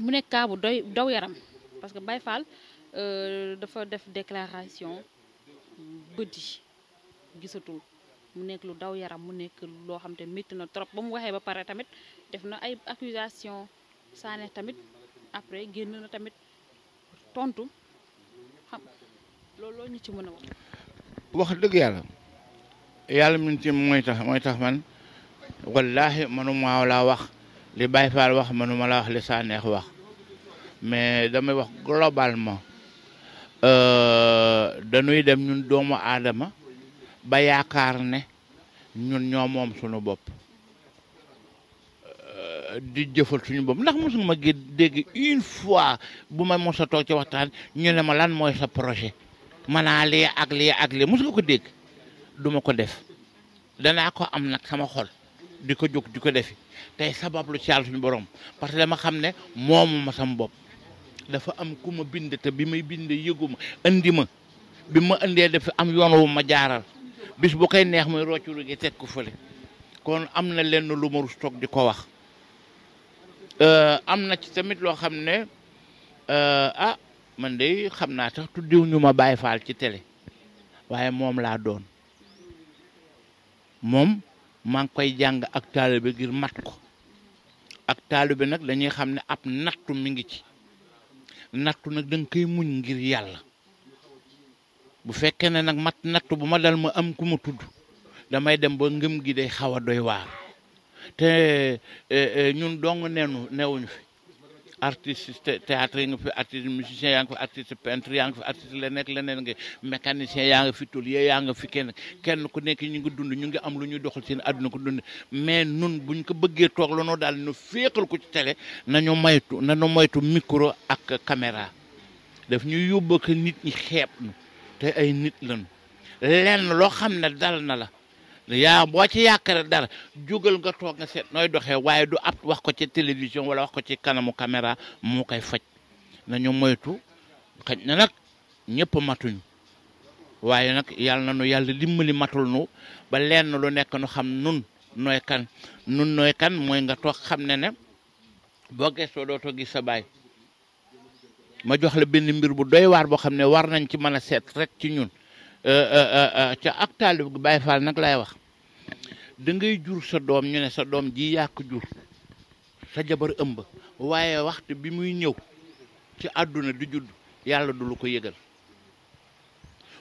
mu nekk cas bu doy daw yaram parce que Baye Fall euh, dafa def déclaration bëti gisatu mu nekk lu daw yaram mu nekk loo xam te métti na trop ba mu waxee ba pare tamit def na ay accusation Sané tamit après génn na tamit tontu xam lool ñu ci mën a wax. dëgg yàlla yàlla mi ci mooy tax mooy tax man wallaahi manuma laa wax. li Baye faal wax manuma la wax li Sanex wax mais damay wax globalement euh, danuy dem ñun doomu aadama ba yaakaar ne ñun ñoo moom suñu bopp euh, di jëfal suñu bopp ndax ma gi dégg une fois bu ma mos a toog ci waxtaan ñu ne ma lan mooy sa projet manaa lii ak lii ak lii mos ko dégg duma ko def danaa ko am nag sama xol di ko jóg di ko defi tey sabablu ci yàlla suñu borom parce que dama xam ne moom ma sama bopp dafa am ku ma bind bi may bind yëguma ma andi ma bi ma andee dafa am yoon wu ma jaaral bis bu koy neex muy roccu gi teg ko fële kon am na lenn lu ma rus toog di ko wax euh, am na ci tamit loo xam ne euh, ah man de xam naa tax tuddiw ñu ma Baay Faal ci télé waaye moom laa doon moom maa ngi koy jàng ak taalibe ngir mat ko ak taalibe nag dañuy xam ne ab nattu mi ngi ci nattu nag danga koy muñ ngir yàlla bu fekkee ne nag mat nattu bu ma dal ma am ku ma tudd damay dem ba ngëm gi day xaw a doy waar te eh, eh, ñun dong ne nenu newuñu fi artiste théâtre yi nga fi artiste musicien yaa ngi fi artiste peintre yaa ngi fi artiste leneen leneen nga mécanicien yaa nga fi tôlier yaa nga fi kenn ku nekk ñu ngi dund ñu ngi am lu ñuy doxal seen àdduna ko dund mais nun buñ ko bëggee toog lanoo daal nu féexal ko ci télé nañu moytu nañu moytu micro ak caméra daf ñuy yóbbu ko nit ñi xeeb nu te ay nit lañu lenn loo xam ne dal na la yaa boo ci yaakaare dara jógal nga toog nga seet nooy doxe waaye du ab wax ko ci télévision wala wax ko ci kanamu kamera mu koy faj nañu moytu xaj na nag ñépp matuñ waaye nag yàlla na nu yàlla dimbali matul nu ba lenn lu nekk nu xam nun nooy kan nun nooy kan mooy nga toog xam ne ne boo gëstoo dootoo gis sa baay ma jox la benn mbir bu doy waar boo xam ne war nañ ci mën a seet rek ci ñun Euh, euh, euh, ca ak taalib gu Baay Faal nag laay wax da ngay jur sa doom ñu ne sa doom ji yàq jur sa jabar ëmb waaye waxtu bi muy ñëw ci àdduna di judd yàlla du lu ko yëgal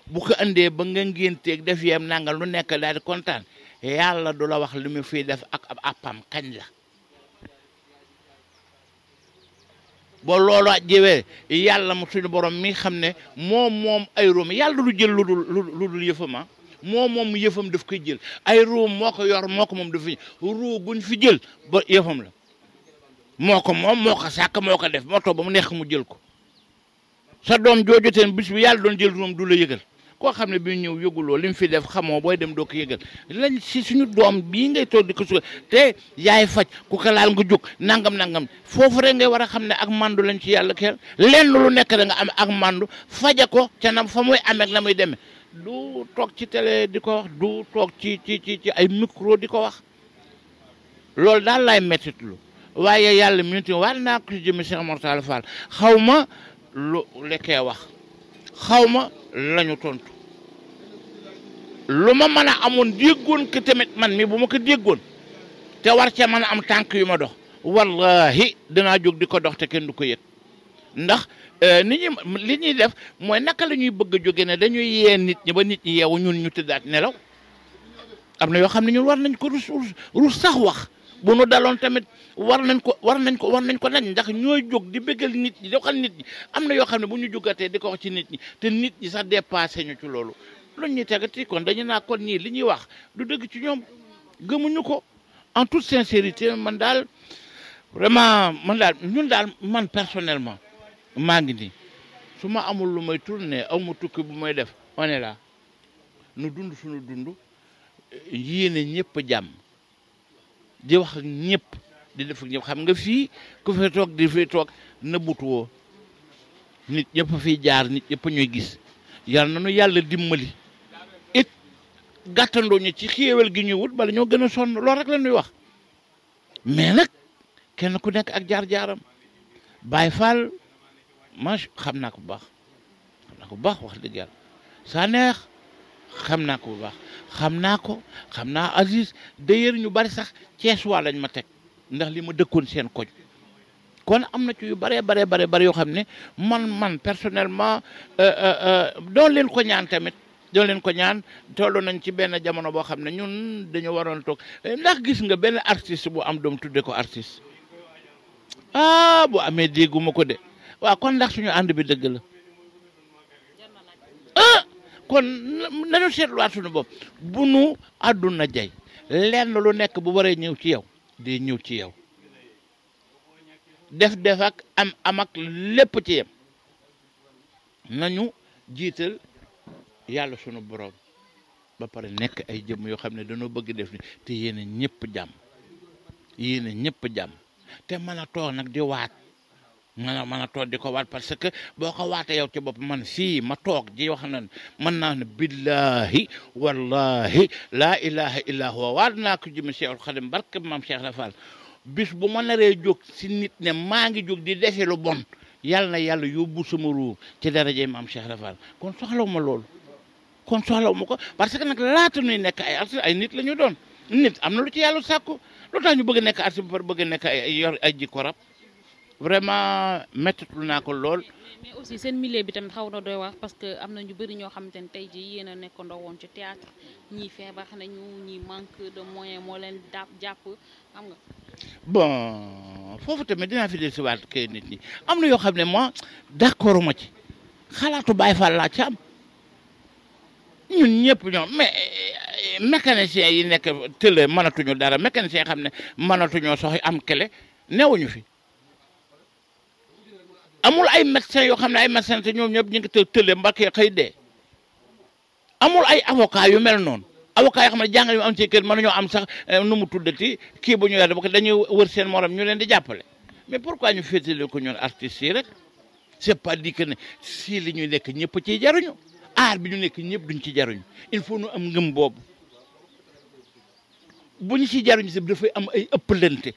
bu ko andee ba nga ngénteeg def yem nanga lu nekk daal di kontaan yàlla du la wax li mu fiy def ak ab àppam kañ la ba loolu jëwee yàlla mu borom mi xam ne moom moom ay room yàlla du jël lu dul lu dul yëfama ah. moom moom yëfam daf koy jël ay ruum moo ko yor moo ko moom daf fi guñ fi jël ba yëfam la moo ko moom moo ko sàkk moo ko def moo toog ba mu neex mu jël ko sa doom jooju teen bis bi yàlla doon jël ruum du la yëgal koo xam ne bi ñëw yëguloo li mu fi def xamoo booy dem doo ko yëgal lañ si suñu doom bii ngay toog di ko suga te yaay faj ku ko laal nga jóg nangam nangam foofu rek ngay war a xam ne ak mandu lañ ci yàlla keel lenn lu nekk da nga am ak mandu faja ko ca nam fa muy ameeg na muy demee du toog ci télé di ko wax du toog ci ci ci ay micro di ko wax loolu daal laay mettitlu waaye yàlla mi ngi war naa ko ci jëmee Cheikh Mortalla Fall xaw lu lekkee wax xaw lañu tontu lu ma mën a amoon déggoon ko tamit man mi bu ma ko déggoon te war cee mën a am tànk yu ma dox wallahi dinaa jóg di ko dox te kenn du ko yëg ndax euh, ni ñuy li ñuy def mooy naka la ñuy bëgg a jóge ne dañuy yee nit ñi ba nit ñi yeewu ñun ñu tëddaat nelaw am na yoo xam ne ñun war nañ ko rus rus sax wax bu nu daloon tamit war nañ ko war nañ ko war nañ ko dañ ndax ñooy jóg di bëggal nit ñi doxal nit ñi am na yoo xam ne bu ñu jógatee di ko ci nit ñi te nit ñi sax dépassé ñu ci loolu loolu ñuy tegati kon dañu naa kon ñii li ñuy wax du dëgg ci ñoom gëmuñu ko en toute sincérité man daal vraiment man daal ñun daal man personnellement maa ngi nii su ma amul lu may tourné aw ma tukki bu may def on est là nu dund suñu dund yéene ñëpp jàmm di wax ak ñëpp di def ak ñëpp xam nga fii ku fi toog di fi toog nëbbutuwoo nit ñëpp fi jaar nit ñëpp ñooy gis yàlla na nu yàlla dimbali it gàttandoo ñu ci xéewal gi ñu wut bala ñoo gën a sonn loolu rek la ñuy wax mais nag kenn ku nekk ak jaar-jaaram Baay Faal man xam naa ko bu baax xam naa baax wax dëgg yàlla saa neex xam naa ko bu xam naa ko xam naa Aziz d'ailleurs ñu bari sax Cees waa lañ ma teg ndax li ma dëkkoon seen koñ kon am na ci yu bare bare bare bare yoo xam ne man man personnellement euh, euh, euh, doon leen ko ñaan tamit doon leen ko ñaan tollu nañ ci benn jamono boo xam ne ñun dañu waroon toog ndax gis nga benn artiste bu am doom tudde ko artiste ah bu amee dégguma ko de waaw kon ndax suñu ànd bi dëgg la kon nañu seetluwaat sunu bopp bu nu àdduna jay len lu nekk bu waree ñëw ci yow di ñëw ci yow def def ak am am ci yem nañu jiital yàlla sunu borom ba pare nekk ay jëmm yoo xam ne dañoo bëgg def ni te yéene ñëpp jàmm yéene ñëpp jàmm te mën a toog nag di waat mën a a toog di ko waat parce que boo ko waatee yow ci bopp man si ma toog di wax na mën naa ne billahi wallahi laa ilaha illa huwa waat naa ko jëm Cheikhul Khadim barke maam Cheikh Rafal bis bu ma naree jóg si nit ne maa ngi jóg di defe lu bon yàlla na yàlla yóbbu sama ruu ci daraje maam Cheikh Rafal kon soxlaw ma loolu kon soxlaw ma ko parce que nag laata nuy nekk ay artiste ay nit la ñu doon nit am na lu ci yàlla sàkku lu tax ñu bëgg nekk artiste bu bëgg nekk ay yor ay jikko vraiment méttitu naa ko lool. aussi seen milieu bi tamit xaw na doy wax parce que am na ñu bëri ñoo xamante ne tey jii yéen a nekkandoo woon ci théâtre ñii feebar nañu ñii manque de moyen moo leen daab jàpp xam bon foofu tamit dinaa fi dellusiwaat kay nit ñi am na yoo xam ne moi d'accord ma ci xalaatu Baye Fall laa ci am ñun ñëpp ñoom mais mécaniciens yi nekk tële mënatuñu dara mécaniciens yi xam ne mënatuñoo soxi am kele newuñu fi. amul ay médecin yoo xam ne ay médecin te ñoom ñëpp ñu ngi të tële ak xëy dee amul ay avocat yu mel noonu avocat yoo xam ne jàng yu am ci kër mën nañoo am sax eh, nu mu tuddati kii bu ñu yore ba dañuy wër seen morom ñu leen di jàppale mais pourquoi ñu féetale ko ñun artistes yi rek c'est pas dit que ne si li ñuy nekk ñëpp ciy jaruñu aar bi ñu nekk ñëpp duñ ci jaruñu il faut ñu am ngëm boobu bu ñu ci jaruñu si dafay am ay ëppalante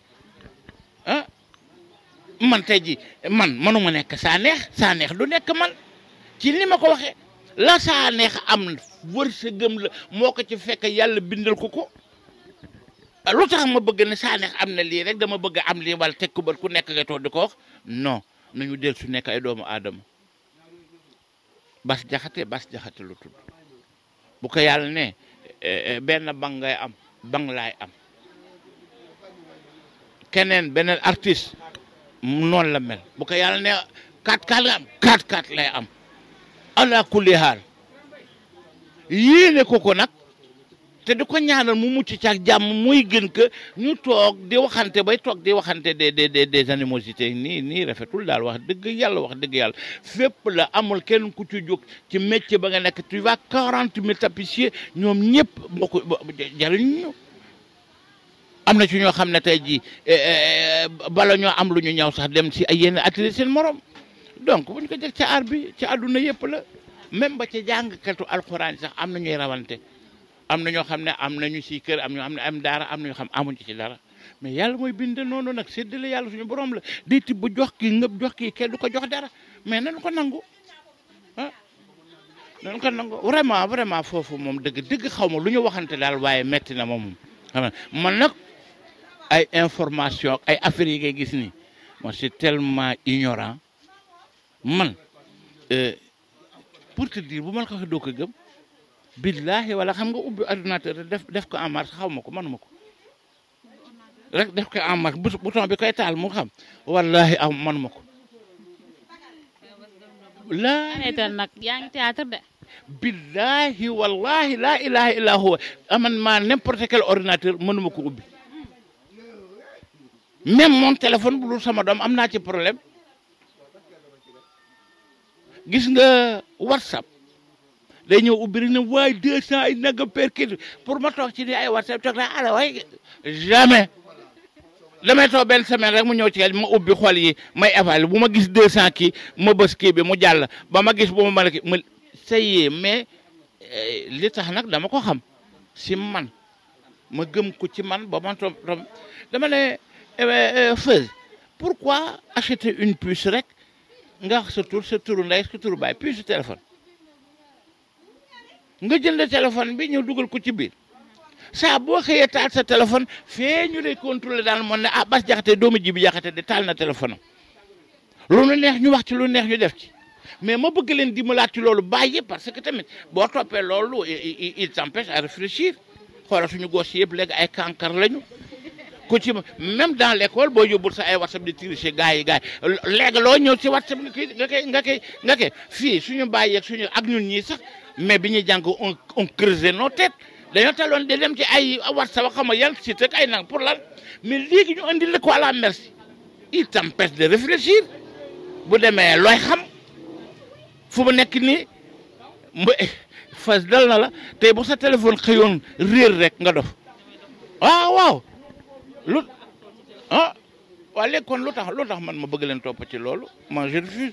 ah man tey ji man manuma nekk saa neex saa neex du nekk man ci ni ma ko waxee la saa neex am wërsëgëm la moo ko ci fekk yàlla bindal ku ko ah, lu tax ma bëgg na saa neex am na lii rek dama bëgg am lii wala teg ku ku nekk nga toog di ko wax non nañu del su nekk ay doomu aadama bas jaxate bas jaxate lu tudd bu ko yàlla ne eh, eh, benn bang ngay am bang laay am keneen beneen artiste noonu la mel bu ko yàlla ne 4-4 la am 4-4 lay am ala kulli haal yéene ko ko nag te di ko ñaanal mu mucc ci ak jàmm muy gën que ñu toog di waxante bay toog di waxante de des des des animosités ni nii rafetul daal wax dëgg yàlla wax dëgg yàlla fépp la amul kenn ku ci ci métier ba nga nekk tu vas quarante mille ñoom ñëpp boo ko jariñ ñu am na ci ñoo xam ne tey jii eh, eh, eh, bala ñoo am lu ñu ñaw dem si ay yenn atelier seen morom donc buñ ko jeg ci aar bi ci àdduna yëpp la même ba ci jàngkatu alxuraan sax am na ñuy rawante am na ñoo xam ne am nañu si kër am ñoo xam ne am daara am na ñoo xam amuñ ci dara mais yàlla mooy bind noonu nag séddale yàlla suñu borom la day tibb bu jox kii ngëb jox kii kenn du ko jox dara mais nañu ko nangu ah nañu ko nangu vraiment vraiment foofu moom dëgg dëgg xaw ma lu ñu waxante daal waaye metti na moom xam man ay information ay affaires yi ngay gis nii moi c'est tellement ignorant man euh, pour te dire bu ma la ko waxee doo ko billahi wala xam nga ubbi ordinateur def def ko en marche xaw ma ko mënuma ko rek def ko en marche bouton bi koy taal mu xam wallahi am mënuma ko laa neetal nag yaa ngi théâtre de billahi wallahi la ilaha illa huwa aman ma n'importe quel ordinateur mënuma ko ubbi même moom téléphone bu dul sama doom am naa ci problème gis nga whatsapp day ñëw ubbi na waaye deux cent ay nag perkit pour ma toog ci ni ay whatsapp toog naa ala waaye jamais damay toog benn semaine rek mu ñëw ci kër ma ubbi xol yi may évaluer bu ma gis deux cent kii ma bës kii bi mu jàll ba ma gis bu ma mën a kii ma sayee mais eh, li nag dama ko xam si man ma gëm ko ci man ba ma toog dama ne. Eh euh, feu pourquoi acheter une puce rek nga wax sa tur sa turu ndey sa turu téléphone nga jënd téléphone bi ñëw dugal ko ci biir saa boo xëyee taal sa téléphone fee ñu lay contrôler daal moom ne ah bas jaxate doomu jib bi jaxate de taal na téléphone am lu nu neex ñu wax ci lu neex ñu def ci mais ma bëgg leen laat ci loolu bàyyi parce que tamit boo toppee loolu il t'empêche i réfléchir xoolal suñu gos yëpp léegi ay kankar lañu. ku ci même dans l'école boo yóbbul sa ay whatsapp di tricher gars yi gars yi loo ñëw si whatsapp nga koy nga koy nga koy nga koy fii suñu bàyyi ak suñu ak ñun ñii sax mais bi ñuy jàng on on noo nos têtes dañoo taloon di dem ci ay whatsapp xam nga yan site ak ay nang pour lan mais léegi ñu andi la ko à la merci il t'empêche de réfléchir bu demee looy xam fu mu nekk nii mba fas dal na la tey bu sa téléphone xëyoon réer rek nga dof waaw waaw lu ah waa léegi kon lu tax lu tax man ma bëgg leen topp ci loolu man je